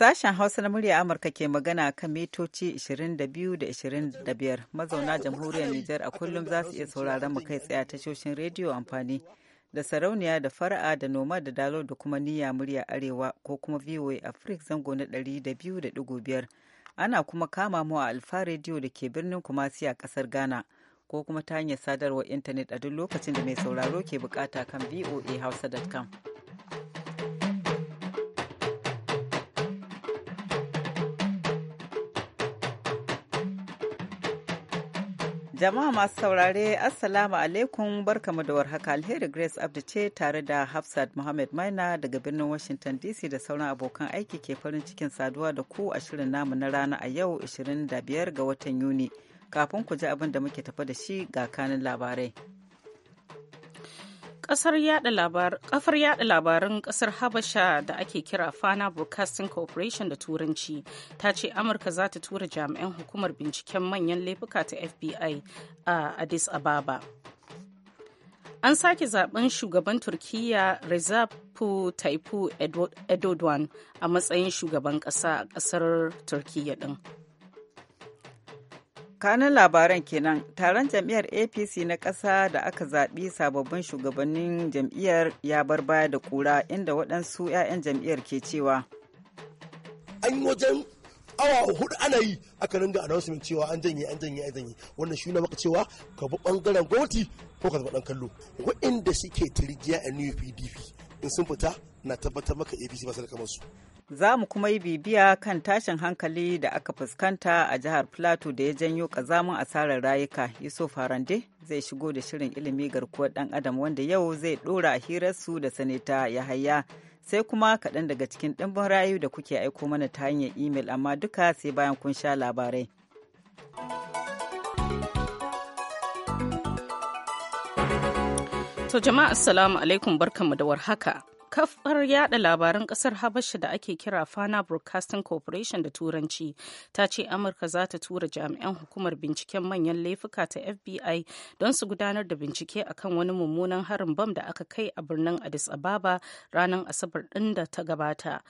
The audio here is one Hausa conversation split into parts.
Sashen Hausa na murya Amurka ke magana kan mitoci 22 da 25 mazauna jamhuriyar Nijar a kullum za su iya sauraron mu kai tsaye tashoshin rediyo amfani da sarauniya da fara'a da noma da dalo da kuma niyya murya arewa ko kuma VOA Africa zango na 200.5 ana kuma kama mu a Alfa rediyo da ke birnin Kumasi a kasar Ghana ko kuma ta hanyar sadarwar intanet a duk lokacin da mai sauraro ke bukata kan voa hausa.com. Jama'a masu saurare, Assalamu alaikum barkamu da warhaka alheri Grace Abdu ce tare da Hafsat Muhammad Maina daga birnin Washington DC da sauran abokan aiki ke farin cikin saduwa da ku a shirin namu na rana a yau 25 ga watan Yuni. Kafin ku ji abin da muke tafa da shi ga kanin labarai. kafar yada labarin kasar habasha da ake kira fana broadcasting corporation da turanci ta ce amurka za ta tura jami'an hukumar binciken manyan laifuka ta fbi a addis ababa an sake zaben shugaban turkiyya rezapu tayyip erdogan a matsayin shugaban kasa a kasar turkiyya din kanan labaran kenan taron jam'iyyar apc na ƙasa da aka zaɓi sababbin shugabannin jam'iyyar ya bar baya da kura inda waɗansu 'ya'yan jam'iyyar ke cewa an yi wajen awa hudu ana yi aka ringa announcement cewa an janye an janye an janye wannan shi na maka cewa ka bi bangaren gwamnati ko ka zama ɗan kallo waɗanda suke tirjiya a new pdp in sun fita na tabbatar maka apc ba su da kamar su za mu kuma yi bibiya kan tashin hankali da aka fuskanta a jihar plateau da ya janyo kazamin asarar rayuka yusuf harande zai shigo da shirin ilimi garkuwar dan adam wanda yau zai dora hirarsu da sanita ya haya sai kuma kaɗan daga cikin ɗimbin rayu da kuke aiko mana ta hanyar imel amma duka sai bayan kun sha labarai to jama'a assalamu alaikum barkanmu da warhaka kafar yada labaran kasar habasha da ake kira fana broadcasting corporation da turanci ta ce amurka za ta tura jami'an hukumar binciken manyan laifuka ta fbi don su gudanar da bincike akan wani mummunan harin bam da aka kai a birnin addis ababa ranar asabar ɗin da ta gabata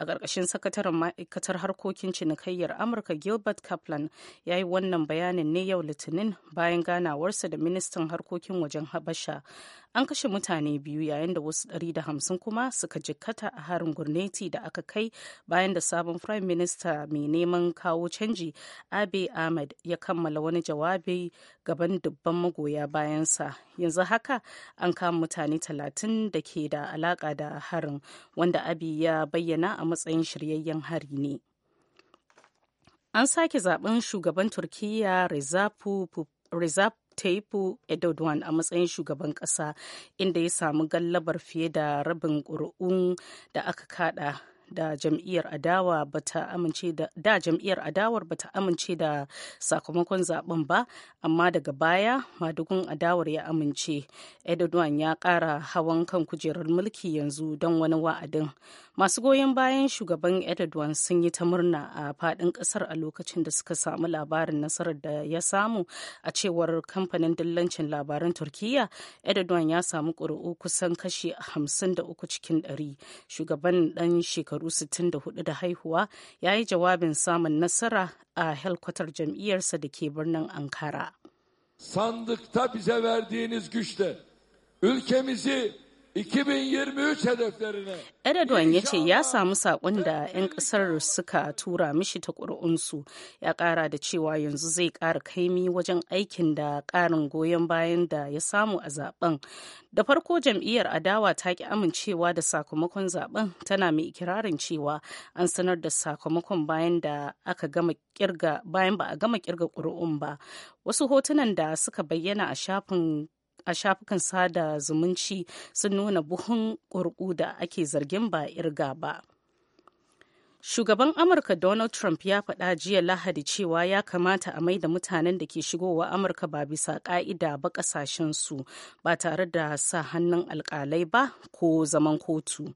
a ƙarƙashin sakataren ma'aikatar harkokin cinikayyar amurka gilbert kaplan ya yi wannan bayanin ne yau litinin bayan ganawarsa da ministan harkokin wajen habasha an kashe mutane biyu yayin da wasu da hamsin kuma suka jikkata a harin gurneti da aka kai bayan da sabon prime minister mai neman kawo canji abe ahmed ya kammala wani jawabi gaban dubban magoya bayansa yanzu haka an kama mutane talatin da ke da alaka da harin wanda abi ya bayyana a matsayin shiryayyen hari ne an sake zaben shugaban turkiyya Recep Taipu Edoduan a matsayin shugaban kasa inda ya samu gallabar fiye da rabin ƙuri'un da aka kada da jam'iyyar adawa bata amince da jam'iyyar adawar bata amince da sakamakon zaben ba amma daga baya madugun adawar ya amince Erdogan ya kara hawan kan kujerar mulki yanzu don wani wa'adin masu goyon bayan shugaban Erdogan sun yi ta murna a fadin kasar a lokacin da suka samu labarin nasarar da ya samu a cewar kamfanin dillancin labaran Turkiyya Erdogan ya samu ƙuri'u kusan kashi 53 cikin 100 shugaban dan shekaru shekaru 64 da haihuwa ya yi jawabin samun nasara a helkwatar jam'iyyarsa da ke birnin Ankara. Sandıkta bize verdiğiniz güçle ülkemizi 2023 hedeflerine. Erdogan ya ce ya samu saƙon da 'yan ƙasar suka tura mishi ta ƙuri'unsu ya ƙara da cewa yanzu zai ƙara kaimi wajen aikin da ƙarin goyon bayan da ya samu a zaben. Da farko jam'iyyar adawa ta ki amincewa da sakamakon zaben tana mai ikirarin cewa an sanar da sakamakon bayan da aka gama kirga bayan ba a gama kirga ƙuri'un ba. Wasu hotunan da suka bayyana a shafin a shafukan sada zumunci sun nuna buhun ƙurƙu da ake zargin ba irga ba. Shugaban Amurka Donald Trump ya faɗa jiya Lahadi cewa ya kamata a maida mutanen da ke shigowa Amurka ba bisa ƙa'ida ba su ba tare da sa hannun alƙalai ba ko zaman kotu.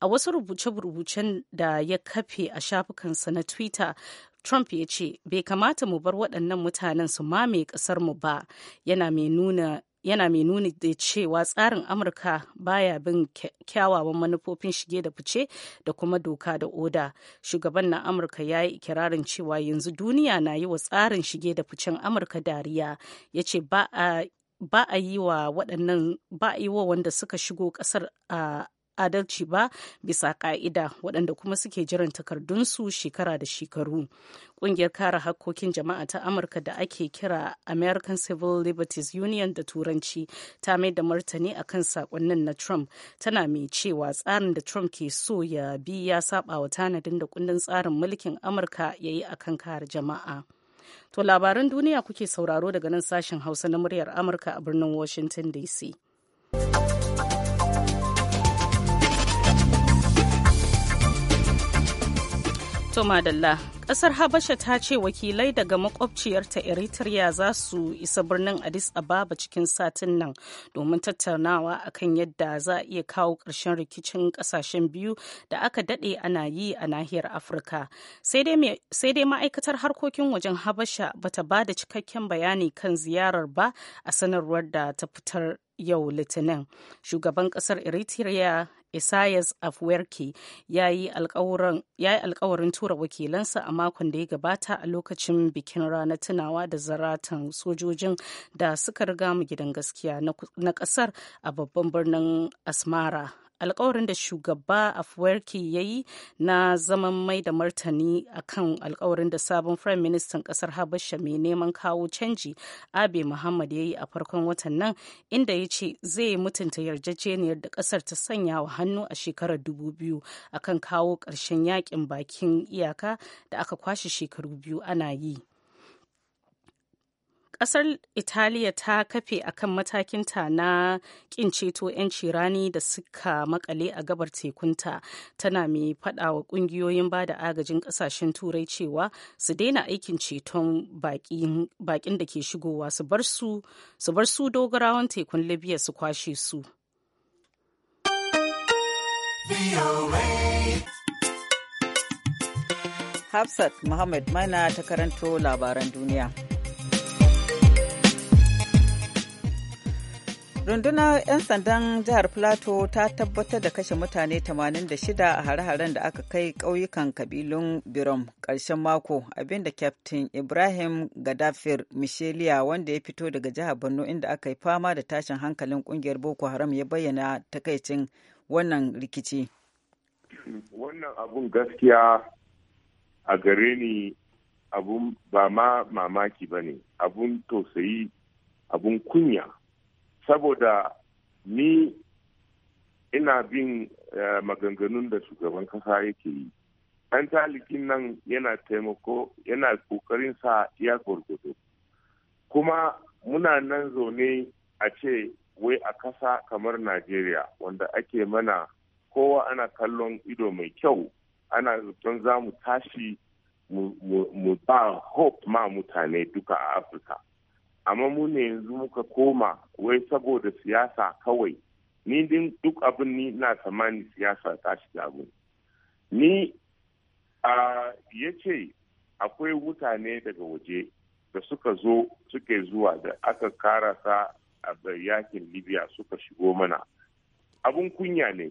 A wasu rubuce-rubucen da ya kafe a shafukansa na Twitter, Trump ya ce, bai kamata mu bar waɗannan mutanen su mame ƙasarmu ba, yana mai nuna yana mai nuni da cewa tsarin amurka baya bin kyawawan manufofin shige da fice da kuma doka da oda shugaban na amurka ya yi ikirarin cewa yanzu duniya na yi wa tsarin shige da ficen amurka dariya ya ce ba a yi wa wanda suka shigo ƙasar a adalci ba bisa ka'ida waɗanda kuma suke jiran takardunsu shekara da shekaru ƙungiyar kare hakkokin jama'a ta amurka da ake kira american civil liberties union da turanci ta mai da martani akan sakonnin na trump tana mai cewa tsarin da trump ke so ya bi ya saba wa tanadin da kundin tsarin mulkin amurka ya yi akan kare jama'a to labaran duniya kuke sauraro daga nan sashen hausa na muryar amurka a birnin washington dc To Madalla, ƙasar Habasha ta ce wakilai daga makwabciyarta Eritrea za su isa birnin Addis Ababa cikin satin nan domin tattaunawa akan yadda za a iya kawo ƙarshen rikicin ƙasashen biyu da aka daɗe ana yi a nahiyar Afirka. Sai dai ma'aikatar harkokin wajen Habasha bata ba da cikakken bayani kan ziyarar ba a sanarwar da ta fitar yau litinin shugaban kasar eritrea Isaias Afwerki ya yi alkawarin tura wakilansa a makon da ya gabata a lokacin bikin ranar tunawa da zaratan sojojin da suka riga mu gidan gaskiya na kasar a babban birnin Asmara alkawarin da shugaba afwerki ya yi na zaman mai da martani akan alkawarin da sabon prime ministan kasar habasha mai neman kawo canji abe muhammad ya yi a farkon watan nan inda ya ce zai mutunta yarjejeniyar da kasar ta sanya wa hannu a shekarar 2000 akan kawo ƙarshen yakin bakin iyaka da aka kwashe shekaru biyu ana yi. kasar italiya ta kafe akan matakinta na kin ceto 'yanci rani da suka makale a gabar tekunta tana mai faɗawa wa kungiyoyin bada agajin kasashen turai cewa su daina aikin ceton bakin da ke shigowa su bar su dogarawan tekun libya su kwashe su Hafsat Muhammad Maina ta karanto labaran duniya. rundunar 'yan sandan jihar plateau ta tabbatar da kashe mutane 86 a hare-haren da aka kai ƙauyukan kabilun birom ƙarshen mako abinda captain ibrahim gaddafir michelia wanda ya fito daga jihar borno inda aka yi fama da tashin hankalin ƙungiyar boko haram ya bayyana takaicin wannan rikici wannan abun gaskiya a gare ni abun ba ma mamaki ba ne abun tausayi abun kunya saboda ni ina bin eh, maganganun da shugaban kasa yake yi ɗan talikin nan yana taimako yana ƙoƙarin sa ya gwargwado kuma muna nan zaune a ce wai a kasa kamar najeriya wanda ake mana kowa ana kallon ido mai kyau ana zaton za mu tashi mu ba hope ma mutane duka a afirka amma mu ne yanzu muka koma wai saboda siyasa kawai ni din duk abin ni na tsammani siyasa ta shiga abin ni ya ce akwai mutane daga waje da suka zo suke zuwa da aka karasa a yakin libya suka shigo mana abun kunya ne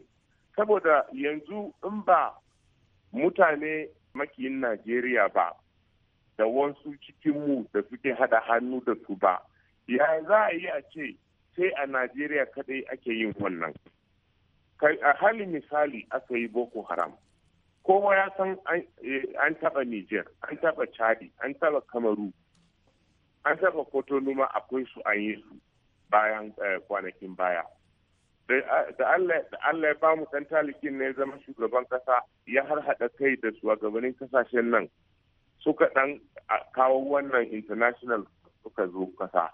saboda yanzu in ba mutane makiyin najeriya ba da wasu cikinmu da suke hada hannu da su ba ya za a yi a ce sai a najeriya kadai ake yin wannan a halin misali aka yi boko haram kowa ya san an eh, taba niger an taba chadi an taba kamaru an taba kotonuma akwai su an yi su bayan eh, kwanakin baya da allah ya ba mu kan talikin ya zama shugaban kasa ya harhaɗa kai da shugabannin kasashen nan suka ɗan kawo wannan international suka zo kasa.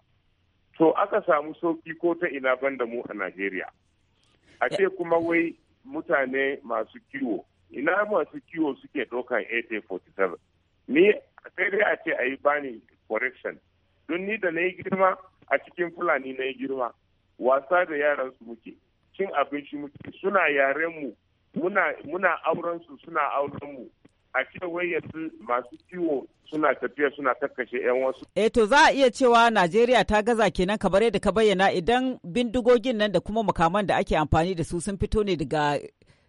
To aka samu sauƙi ko ta ina ban da mu a Najeriya. A ce kuma wai mutane masu kiwo, ina masu kiwo suke ɗaukan AK-47. Ni sai dai a ce a yi bani correction. Don ni da na yi girma a cikin Fulani na yi girma. Wasa da yaran su muke, cin abinci muke, suna yaren mu, muna auren su suna auren mu. a ce yanzu masu ciwo suna tafiya suna kakkashe 'yan wasu. E to za a iya cewa Najeriya ta gaza kenan kamar yadda ka bayyana idan bindigogin nan da kuma makaman da ake amfani da su sun fito ne daga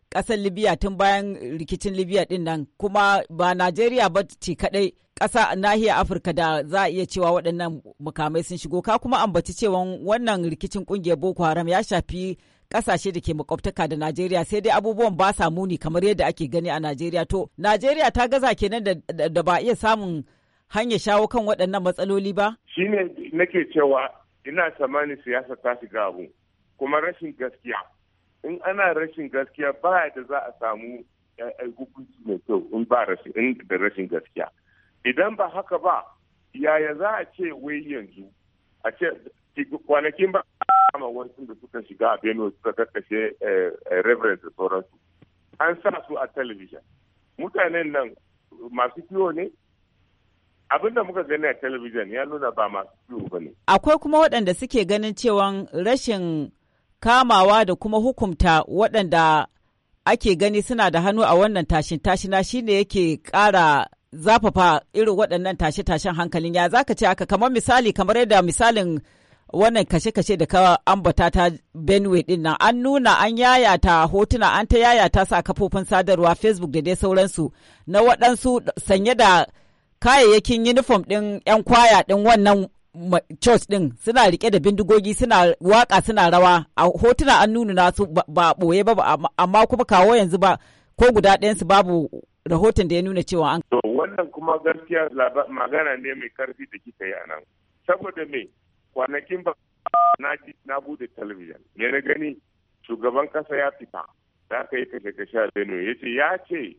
kasar Libya tun bayan rikicin Libya din nan kuma ba Najeriya ba ce kadai kasa nahiyar Afirka da za a iya cewa waɗannan mukamai sun shigo ka kuma ambaci cewa wannan rikicin ƙungiyar Boko Haram ya shafi kasashe da ke makwabtaka da Najeriya sai dai abubuwan ba sa muni kamar yadda ake gani a Najeriya to Najeriya ta gaza kenan da ba iya samun hanyar shawo kan waɗannan matsaloli ba? Shi ne nake cewa ina tsammanin siyasa ta shiga abu kuma rashin gaskiya. In ana rashin gaskiya ba da za a samu eh, eh, hukunci mai kyau in ba da rashin gaskiya. Idan ba haka ba yaya za a ce wai yanzu a ce kwanakin ba kama wasu da suka shiga a benue suka karkashe eh, eh, reverend da sauransu an sa su a television. mutanen nan masu kiwo ne abin da muka gani a television ya nuna ba masu kiwo ba ne akwai kuma waɗanda suke ganin cewa rashin kamawa da kuma hukumta waɗanda ake gani suna da hannu a wannan tashin tashina shi ne yake ƙara zafafa irin waɗannan tashe-tashen hankalin ya zaka ce aka kamar misali kamar yadda misalin wannan kashe-kashe da ka ambata ta benue din nan an nuna an yayata hotuna an ta yayata su a kafofin sadarwa facebook da dai sauransu na waɗansu sanye da kayayyakin uniform din 'yan kwaya din wannan church din suna rike da bindigogi suna waka suna rawa a hotuna an nuna nasu ba ɓoye ba amma kuma kawo yanzu ba ko guda ɗayansu babu rahoton da ya nuna cewa an. wannan kuma gaskiya magana ne mai karfi da kika yi a nan saboda me kwanakin ba na ji na bude talabijin ya na gani shugaban kasa ya fita za ka yi kashe kashe a benue ya ce ya ce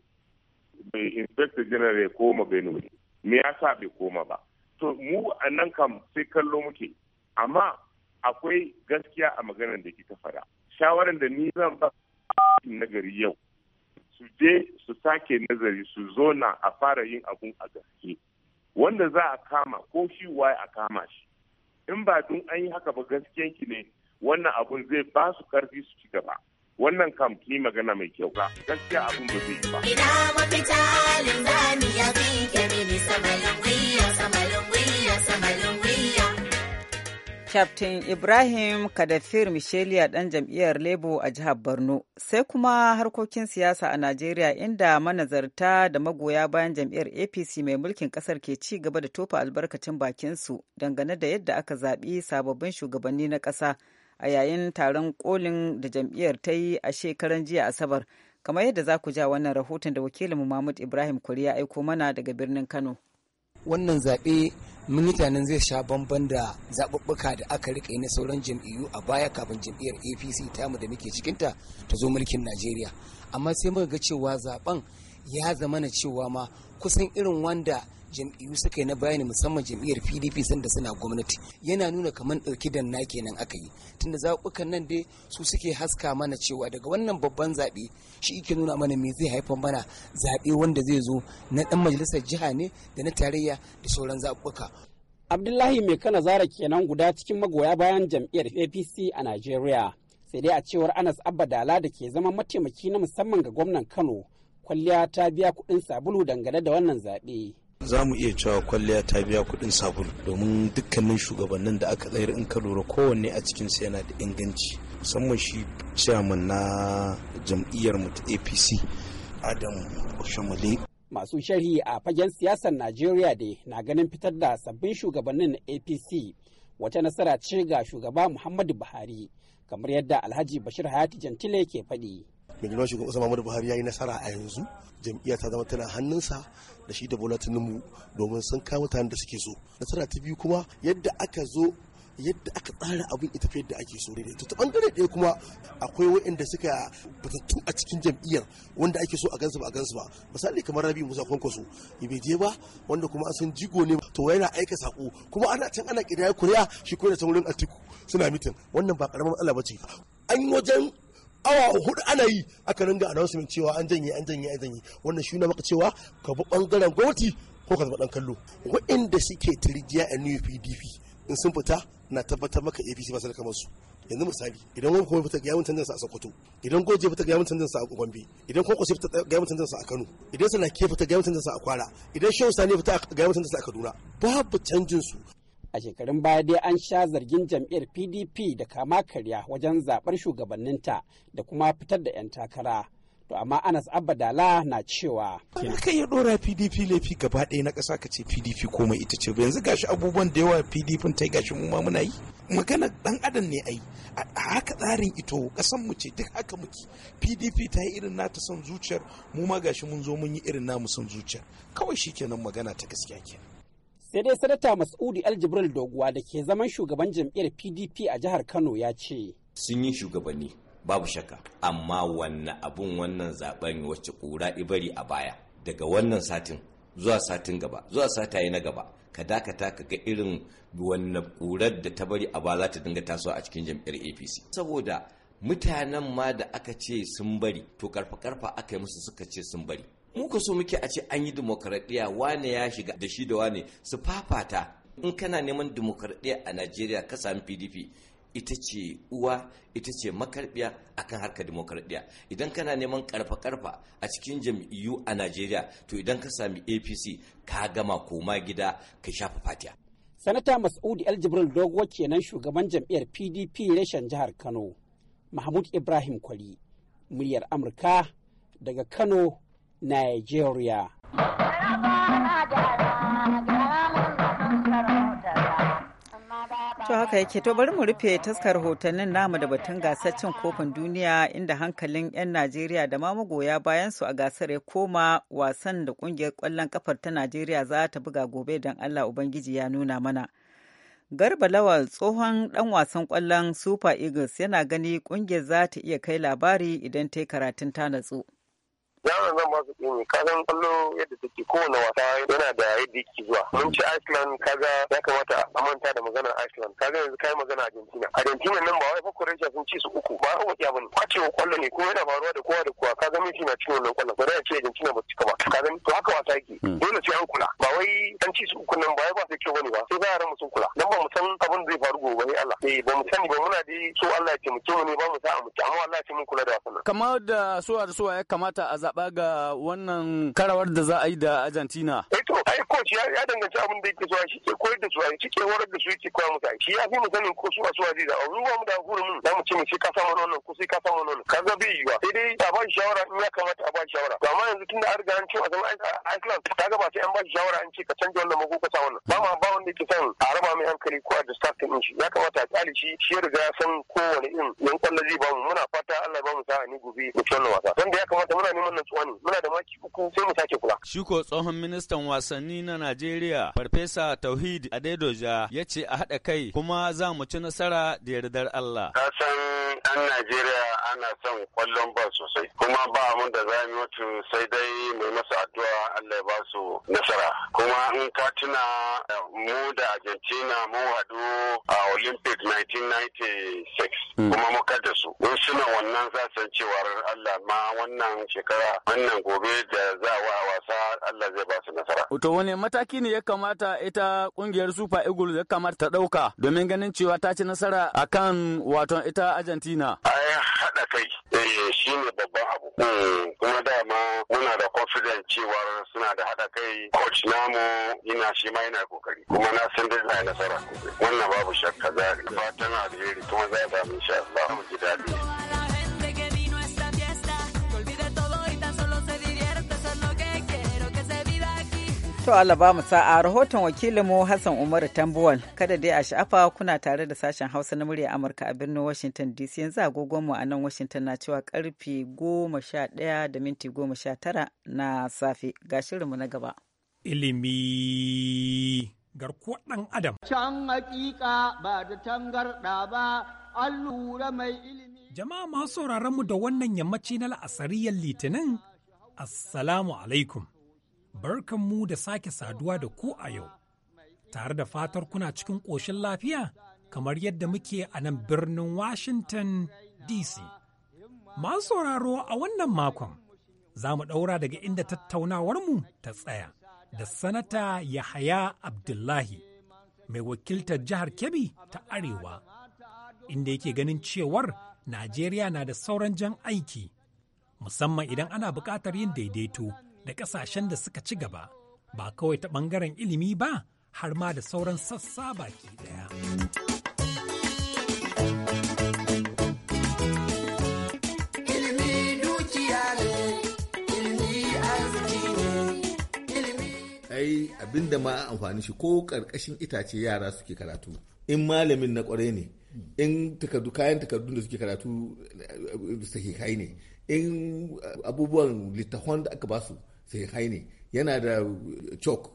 mai inspector general ya koma benue me ya sa bai koma ba to mu a nan kam sai kallo muke amma akwai gaskiya a maganar da kika faɗa shawaran da ni zan ba nagari yau su je su sake nazari su zo na a fara yin abun a gaske wanda za a kama ko shi waye a kama shi in ba dun an yi haka ba gaskiyan ki ne wannan abun zai ba su karfi su ci gaba wannan kam magana mai kyau ba gaskiya abun ba zai yi ba ina mafita linzami ya bi ke mini samalin wiya samalin wiya samalin Captain Ibrahim Kadafir Misheliya ɗan jam'iyyar Lebo a jihar Borno, sai kuma harkokin siyasa a Najeriya inda manazarta da magoya bayan jam'iyyar APC mai mulkin ƙasar ke ci gaba da tofa albarkacin bakinsu dangane da yadda aka zaɓi sababbin shugabanni na ƙasa a yayin taron kolin da jam'iyyar ta yi a shekaran jiya Asabar, kamar yadda za ku ja wannan rahoton da wakilin Mahmud Ibrahim ya aiko mana daga birnin Kano. wannan zaɓe mutanen zai sha bamban da zaɓuɓɓuka da aka riƙe na sauran jam'iyyu a baya kafin jam'iyyar apc tamu da muke cikinta ta zo mulkin najeriya amma sai muka ga cewa zaɓen ya zama na cewa ma kusan irin wanda jam'iyyu suka yi na bayani musamman jam'iyyar pdp sanda suna gwamnati yana nuna kamar ɗauki na kenan aka yi tunda zaɓukan nan dai su suke haska mana cewa daga wannan babban zaɓe shi ke nuna mana me zai haifar mana zaɓe wanda zai zo na ɗan majalisar jiha ne da na tarayya da sauran zaɓuka. abdullahi mai kana zara kenan guda cikin magoya bayan jam'iyyar apc a nigeria sai dai a cewar anas abba dala da ke zama mataimaki na musamman ga gwamnan kano kwalliya ta biya kuɗin sabulu dangane da wannan zaɓe. za mu iya cewa kwalliya ta biya kuɗin sabulu domin dukkanin shugabannin da aka tsayar in ka lura kowanne a cikinsu yana da inganci musamman shi chairman na jam'iyyar mu ta apc adam shamale masu sharhi a fagen siyasar najeriya dai na ganin fitar da sabbin shugabannin apc wata nasara ce ga shugaba muhammadu buhari kamar yadda alhaji bashir hayati jantile ke faɗi. mai shugaban kasa Muhammadu Buhari ya yi nasara a yanzu Jam'iyya ta zama tana hannunsa da shi da Bola Tinubu domin sun kawo mutanen da suke so nasara ta biyu kuma yadda aka zo yadda aka tsara abin ita fa da ake so da to ta bangare ɗaya kuma akwai wa'inda suka batattu a cikin jam'iyyar wanda ake so a gansu ba a gansu ba misali kamar rabi musa kwankwaso bai je ba wanda kuma san jigo ne to yana aika sako kuma ana can ana kidaya kuri'a shi ko da wurin atiku suna mitin wannan ba karamar matsala ba ce an yi wajen awa hudu ana yi aka ringa announcement cewa an janye an janye an janye wannan shi na maka cewa ka bi bangaren gwamnati ko ka zama dan kallo waɗanda suke tirjiya a new pdp in sun fita na tabbatar maka apc ba su da kamar su yanzu misali idan wani kuma fita gyamun canjin a sokoto idan goje fita gyamun canjin a gombe idan kwakwasi fita gyamun canjin a kano idan sanake ke fita gyamun canjin a kwara idan shehu sani fita gyamun canjin a kaduna babu canjin su a shekarun baya dai an sha zargin jam'iyyar pdp da kama karya wajen zaɓar shugabanninta da kuma fitar da 'yan takara to amma anas abadala na cewa ka iya dora pdp laifi gaba ɗaya na ƙasa ka ce pdp komai ita ce yanzu gashi abubuwan da yawa pdp ta gashi mu ma muna yi magana ɗan adam ne ai a haka tsarin ito ƙasan mu ce duk haka muke pdp ta yi irin nata son zuciyar mu ma gashi mun zo mun yi irin namu son zuciyar kawai shikenan magana ta gaskiya kenan sai dai sanata mas'udi aljibril doguwa da ke zaman shugaban jam'iyyar pdp a jihar kano ya ce sun yi shugabanni babu shaka amma wannan abun wannan zaben wacce kura ibari a baya daga wannan satin zuwa satin gaba zuwa sataye na gaba ka dakata ka ga irin wannan kurar da ta bari a baya za ta dinga tasowa a cikin jam'iyyar apc saboda mutanen ma da aka ce sun bari to karfa karfa aka yi musu suka ce sun bari mu ka so muke a ce an yi demokaradiyya wane ya shiga da shi da wane su fafata in kana neman demokaradiyya a najeriya ka sami pdp ita ce uwa ita ce makarbiya akan harka demokaradiyya idan kana neman karfa karfa a cikin jam'iyyu a najeriya to idan ka sami apc ka gama koma gida ka shafa fatiya sanata mas'udi aljibril dogo kenan shugaban jam'iyyar pdp reshen jihar kano mahmud ibrahim kwali muryar amurka daga kano Nigeria. To haka yake to bari mu rufe taskar hotannin namu da batun gasar cin kofin duniya inda hankalin 'yan Najeriya da ma magoya bayan su a gasar ya koma wasan da kungiyar kwallon kafar ta Najeriya za ta buga gobe don Allah Ubangiji ya nuna mana. Garba Lawal tsohon dan wasan kwallon Super Eagles yana gani kungiyar za ta iya kai labari idan ta yi karatun ta natsu. yaron zan ba su tsini ka kwallo yadda take kowane wasa yana da yadda yake zuwa mun ci Iceland kaga ya kamata a manta da magana Iceland kaga yanzu kai magana Argentina Argentina nan ba wai fa Croatia sun ci su uku ba wai ya bane kwacewa kwallo ne ko yana faruwa da kowa da kowa kaga Messi na cikin wannan kwallon ba da ce Argentina ba cika ba kaga to haka wasa yake hmm. dole sai an kula ba wai an ci su uku nan ba wai ba sai kyau bane ba sai za yaran ramu sun kula dan ba mu san abin zai eh ba mu sani ba muna dai so Allah ya taimake mu ne ba mu sa'a mu ci amma Allah ya mun kula da wasannin kamar da suwa da suwa ya kamata a zaba ga wannan karawar da za a yi da Argentina eh to ai coach ya ya danganci abin da yake so shi ke koyar da su ai shi ke horar da su yake koya musu ai shi ya fi mu sani ko suwa suwa zai da mu ba mu da hurumin za mu ce mu sai kasa mun wannan ko sai kasa mun wannan kaga bai yiwa sai dai a ba shawara in ya kamata a ba shawara to amma yanzu tunda an riga an ce a zama Iceland kaga ba sai an ba shawara an ce ka canja wannan ko ka sa wannan ba ma ba wanda yake son a raba mai hankali ko a distracting din shi ya kamata Allah shi shi ya riga san kowane in yan kwallo zai bamu muna fata Allah bamu sa'a ni gobe mu wannan wasa don da ya kamata muna neman nan tsuwani muna da maki uku sai mu sake kula shi ko tsohon ministan wasanni na Najeriya farfesa Tauhid Adedoja ya ce a haɗa kai kuma za mu ci nasara da yardar Allah ka san nan Najeriya ana son kwallon ba sosai kuma ba mun da za mu mutu sai dai mai masa addu'a Allah ya ba nasara kuma in ka tuna eh, mu da Argentina mun haɗu a Olympic 1996 Mm. kuma muka su in suna wannan za san cewar Allah ma wannan shekara wannan gobe da za wa wasa Allah zai ba su nasara. To wani mataki ne ya kamata ita kungiyar Super Eagles ya kamata ta ɗauka domin ganin cewa ta ci nasara akan wato ita Argentina. Ai hada kai eh, shi ne babban abu. Mm, kuma dama muna da confident cewar suna da hada kai coach namu ina shi ma yana kokari kuma na san dai za nasara. Wannan babu shakka za fatan alheri kuma za a insha Allah mu To Allah ba mu sa'a rahoton wakilinmu Hassan Umaru Tambuwal kada dai a sha'afa kuna tare da sashen Hausa na murya Amurka a birnin Washington DC yanzu agogonmu a nan Washington na cewa karfe goma sha ɗaya da minti goma sha tara na safe ga shirinmu na gaba. Ilimi garkuwar ɗan adam. Can hakika ba da tangarɗa ba, an mai ilimi. Jama'a masu sauraron mu da wannan yammaci na la'asariyar litinin, Assalamu alaikum. Barkan mu da sake saduwa da ku a yau, tare da fatar kuna cikin ƙoshin lafiya kamar yadda muke a nan birnin Washington DC. Masu sauraro a wannan makon, za mu ɗaura daga inda tattaunawarmu ta tsaya. da sanata Yahaya Abdullahi mai wakiltar jihar Kebbi ta Arewa, inda yake ganin cewar Najeriya na da sauran jan aiki, musamman idan ana buƙatar yin daidaito da ƙasashen da suka ci gaba, ba kawai ta ɓangaren ilimi ba har ma da sauran sassa baki ɗaya. ai abinda ma an amfani shi ko karkashin itace yara suke karatu in malamin na kwarai ne in takardu kayan takardun da suke karatu sahihai ne in abubuwan littafan da aka basu sahihai ne yana da chalk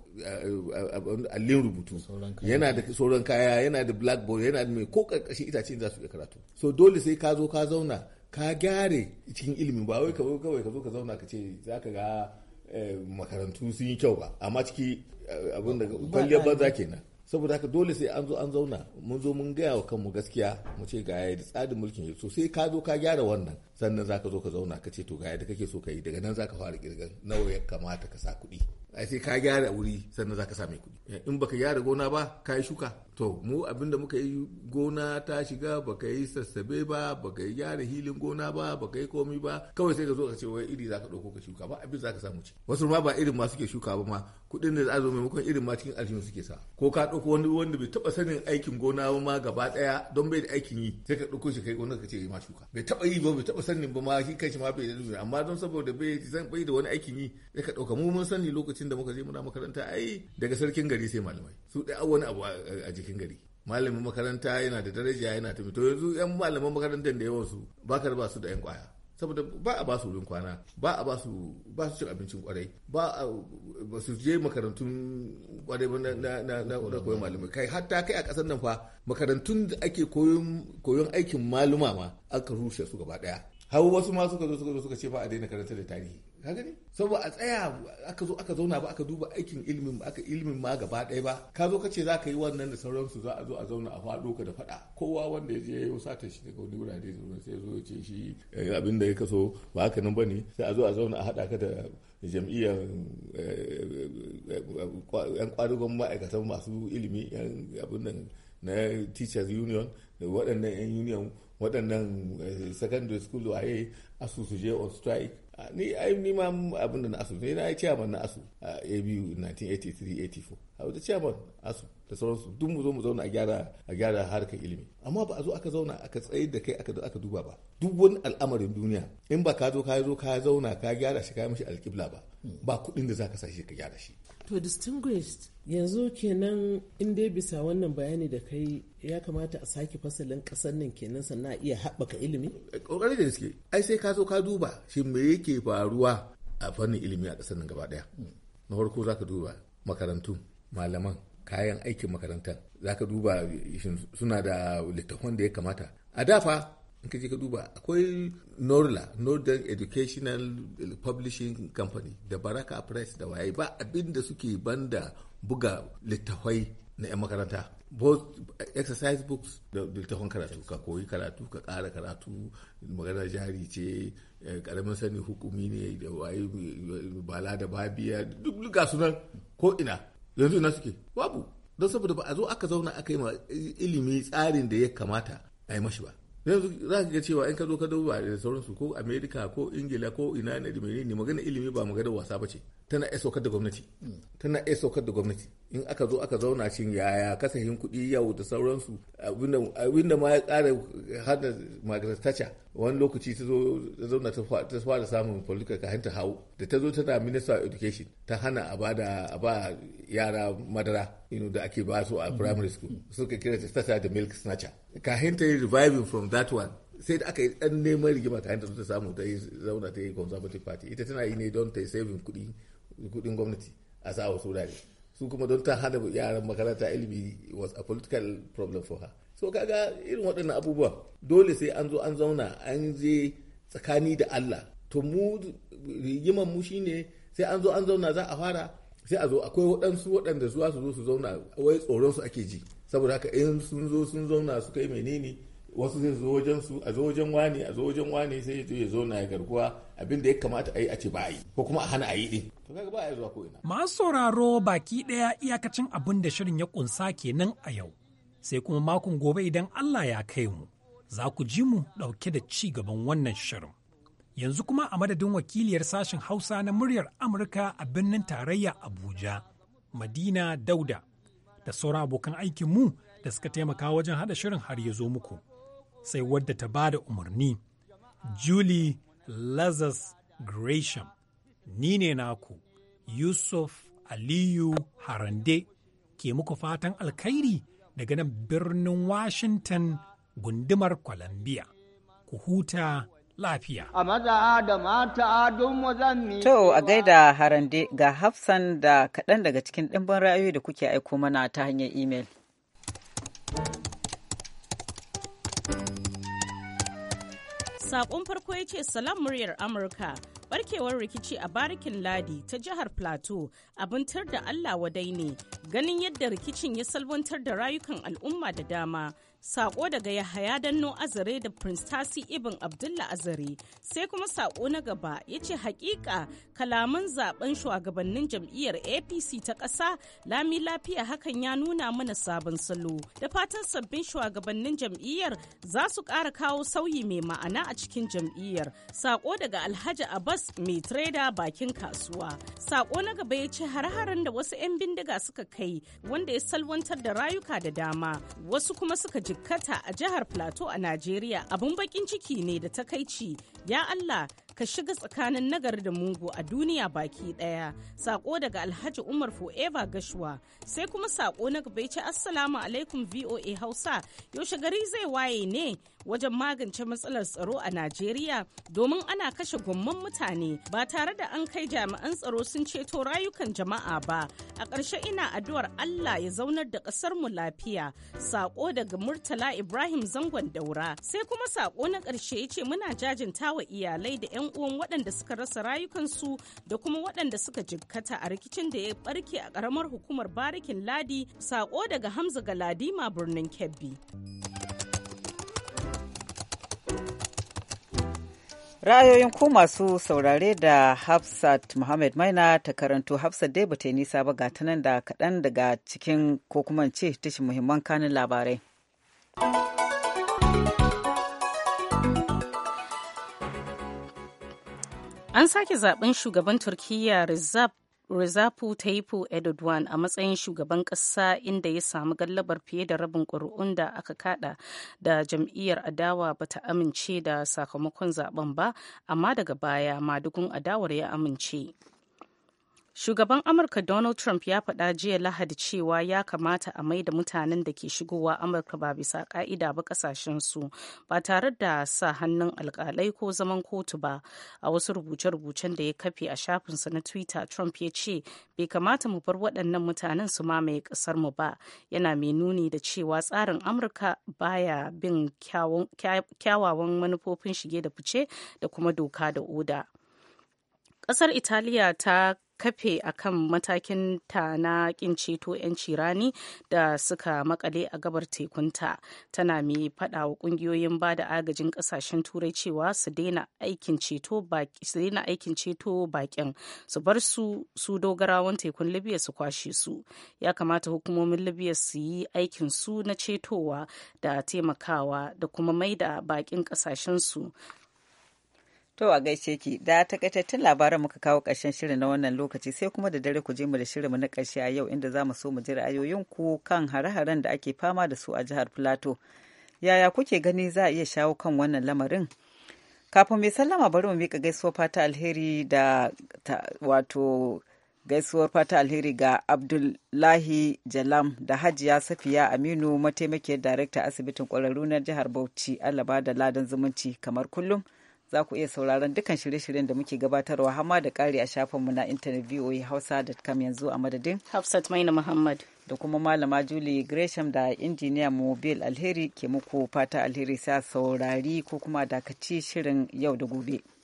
allin rubutu yana da sauran kaya yana da blackboard yana da mai ko karkashin itace za su karatu so dole sai ka zo ka zauna ka gyare cikin ilimin ba wai kawai ka zo ka zauna ka ce za ka ga Eh, makarantu sun yi kyau ba amma ciki eh, abin da kwalliyar banza kenan saboda haka dole sai an zo an zauna mun zo mun gaya wa kanmu gaskiya mu ce ga da tsadin mulkin ya so sai ka zo ka gyara wannan sannan za ka zo ka zauna ka ce to ga yadda kake so ka yi daga nan za ka fara kirgan nawa ya kamata ka sa kuɗi ai sai ka gyara wuri sannan za ka sa mai kuɗi in baka gyara gona ba ka yi shuka to mu abinda muka yi gona ta shiga baka yi sassabe ba baka yi gyara hilin gona ba baka yi komi ba kawai sai ka zo ka ce wai iri za ka ɗauko ka shuka ba abin za ka samu ci wasu ma ba irin ma suke shuka ba ma kuɗin da za zo maimakon irin ma cikin aljihun suke sa ko ka ɗauko wani wanda bai taɓa sanin aikin gona ba ma gaba ɗaya don bai da aikin yi sai ka ɗauko shi kai gona ka ce ma shuka bai taɓa yi ba bai taɓa sani ba ma shi kai shi ma bai da amma don saboda bai san bai da wani aikin yi sai ka dauka mu mun sani lokacin da muka je muna makaranta ai daga sarkin gari sai malamai su dai wani abu a jikin gari malamin makaranta yana da daraja yana ta to yanzu yan malaman makarantar da yawan su ba ka ba su da yan kwaya saboda ba a ba su wurin kwana ba a ba su cin abincin kwarai ba a su je makarantun kwarai na na na na koyon malamai kai hatta kai a kasar nan fa makarantun da ake koyon aikin maluma ma aka rushe su gaba daya har wasu ma suka zo suka zo suka ce ba a daina karanta da tarihi ka gani saboda a tsaya aka zo aka zauna ba aka duba aikin ilimin ba aka ilimin ma gaba ɗaya ba ka zo kace za ka yi wannan da sauransu za a zo a zauna a faɗo ka da faɗa kowa wanda ya je ya yi sata shi daga wani wurare sai ya zo ya ce shi eh, abin da ya kaso ba haka nan ne. sai a zo a zauna a haɗa ka da jam'iyyar yan eh, kwadugon eh, ma'aikatan masu ilimi yan abin nan na teachers union da waɗannan yan union waɗannan eh, secondary school a yi asu su je on strike ni ai ni ma abin na asu ne na yi chairman na asu a abu 1983-84 a wata chairman asu da sauransu duk mu zo mu zauna a gyara a gyara harkar ilimi amma ba a zo aka zauna aka tsaye da kai aka aka duba ba duk wani al'amarin duniya in ba ka zo ka zo ka zauna ka gyara shi ka mishi alƙibla ba ba kuɗin da zaka sashi ka gyara shi To distinguished yanzu kenan in dai bisa wannan bayani da kai ya kamata a sake fasalin kasar nan kenan sannan a iya haɓaka ilimi? Ƙoƙari da suke. ai sai ka zo ka duba shi me yake faruwa a fannin ilimi a ƙasar nan gaba ɗaya. Na farko za ka duba makarantu, malaman, kayan aikin makarantar, za ka duba suna da littafan da ya kamata. A dafa in ka je ka duba akwai norla northern educational publishing company da baraka press da waye ba abinda suke banda buga littafai na 'yan makaranta both exercise books da littafin karatu ka koyi karatu ka kara karatu magana jari ce eh, ƙaramin sani hukumi ne da waye bala da babiya duk ga sunan ko ina yanzu ina suke babu don saboda ba a zo aka zauna aka yi ma ilimi tsarin da ya kamata a yi mashi ba yanzu za ka ga cewa in ka zo ka duba da sauransu ko america ko ingila ko ina ne da menene magana ilimi ba magana wasa ba ce tana iya saukar da gwamnati mm. tana iya saukar da gwamnati in aka zo aka zauna cin yaya kasahin kuɗi yau da sauransu abinda ma ya kara hada margaret thatcher wani lokaci ta zo ta zauna ta fara samun political kahin ta hau da ta zo tana minister of education ta hana a bada a ba yara madara inu da ake ba su a primary school suka kira ta tasha da milk snatcher kahin ta yi reviving from that one sai da aka yi dan neman rigima kahin ta zo ta samu ta yi zauna ta yi conservative party ita tana yi ne don ta yi saving kuɗi kuɗin gwamnati a sa'a wasu wurare su kuma don ta hana yaran makaranta ilimi was a political problem for her so kaga irin waɗannan abubuwa dole sai an zo an zauna an je tsakani da Allah to mu rigiman mu shine sai an zo an zauna za a fara sai a zo akwai waɗansu waɗanda zuwa su zo su zauna wai tsoron su ake ji saboda haka in sun zo sun zauna su kai menene wasu zai zo wajen su a zo wajen wani a zo wajen wani sai ya zo na garkuwa abin da ya kamata a yi a ce ba a yi ko kuma a hana a yi din to kaga ba a zuwa ko ina masu sauraro baki daya iyakacin abin da shirin ya kunsa kenan a yau sai kuma makon gobe idan Allah ya kai mu za ku ji mu dauke da ci gaban wannan shirin yanzu kuma a madadin wakiliyar sashen Hausa na muryar Amurka a birnin tarayya Abuja Madina Dauda da sauran abokan aikin mu da suka taimaka wajen hada shirin har ya zo muku. sai wadda ta ba da umarni julie lazarus gresham ni ne naku yusuf aliyu harande ke muku fatan alkhairi daga nan birnin washington gundumar columbia ku huta lafiya. A maza da mata don To a gaida harande ga Hafsan da kaɗan daga cikin ɗimbin ra'ayoyi da kuke aiko mana ta hanyar imel. Sakon farko ya ce salam muryar Amurka barkewar rikici a barikin ladi ta jihar plateau tar da allah wadai ne ganin yadda rikicin ya salwantar da rayukan al'umma da dama Sako daga Yahaya Danno Azare da Prince Tasi Ibn Abdullah Azare sai kuma sako na gaba ya ce hakika kalaman zaben shugabannin jam'iyyar APC ta ƙasa lami lafiya hakan ya nuna mana sabon salo da fatan sabbin shugabannin jam'iyyar za su ƙara kawo sauyi mai ma'ana a cikin jam'iyyar. Sako daga Alhaji Abbas mai trader bakin kasuwa. Sako na gaba ya ce har harin da wasu 'yan bindiga suka kai wanda ya salwantar da rayuka da dama wasu kuma suka jikkata a jihar Plateau a Najeriya abun bakin ciki ne da takaici. Ya Allah ka shiga tsakanin Nagar da mugu a duniya baki daya sako daga alhaji umar forever gashuwa sai kuma sako na gaba ce assalamu alaikum voa hausa yaushe gari zai waye ne wajen magance matsalar tsaro a najeriya domin ana kashe gwamman mutane ba tare da an kai jami'an tsaro sun ceto rayukan jama'a ba a ƙarshe ina addu'ar allah ya zaunar da ƙasar mu lafiya sako daga murtala ibrahim zangon daura sai kuma sako na ƙarshe ya ce muna jajinta wa iyalai da 'yan uwan waɗanda suka rasa rayukansu da kuma waɗanda suka jikkata a rikicin da ya barke a ƙaramar hukumar barikin ladi sako daga hamza ga ladi ma birnin kebbi ra'ayoyin ku masu saurare da hafsat muhammad maina ta karanto hafsat dai bata yi nisa ba gata nan da kaɗan daga cikin ko kuma ce tashin muhimman kanin labarai An sake zaben shugaban Turkiyya Rizapu Taipu Erdogan a matsayin shugaban ƙasa inda ya samu gallabar fiye da rabin ƙuri'un da aka kada da jam'iyyar adawa ba ta amince da sakamakon zaben ba, amma daga baya madugun adawar ya amince. Shugaban Amurka Donald Trump ya faɗa jiya Lahadi cewa ya kamata a maida mutanen da ke shigowa Amurka ba bisa ƙa'ida ba su ba tare da sa hannun alƙalai ko zaman kotu ba. A wasu rubuce-rubucen da ya kafe a shafinsa na Twitter, Trump ya ce bai kamata mu bar waɗannan mutanen su mamaye ƙasarmu ba. Yana mai nuni da cewa tsarin Amurka baya bin kyawawan manufofin shige da fice da kuma doka da oda. Ƙasar Italiya ta kafe a kan matakin ta na kin ceto 'yanci rani da suka makale a gabar tekunta tana mai faɗawa wa ƙungiyoyin ba da agajin ƙasashen turai cewa su daina aikin ceto bakin su bar su su dogarawan tekun libya su kwashe su ya kamata hukumomin libya su yi aikin su na cetowa da taimakawa da kuma mai da bakin ƙasashen su To a gaishe ki da takaitattun labaran muka kawo ƙarshen shirin na wannan lokaci sai kuma da dare ku je mu da shirinmu na ƙarshe a yau inda za mu so mu ji ra'ayoyin ku kan hare-haren da ake fama da su a jihar Plateau. Yaya kuke gani za a iya shawo kan wannan lamarin? Kafin mai sallama bari mu mika gaisuwar fata alheri da wato gaisuwar fata alheri ga abdullahi jalam da hajiya safiya aminu mataimakiyar darakta asibitin ƙwararru na jihar bauchi allah ba da ladan zumunci kamar kullum za ku iya sauraron dukkan shirye-shiryen da muke gabatarwa hama da ƙari a shafinmu na intanet hausa.com yanzu a madadin hafsat maina muhammad da kuma malama julie gresham da injiniya mobil alheri ke muku fata alheri sa saurari ko kuma dakaci shirin yau da gobe.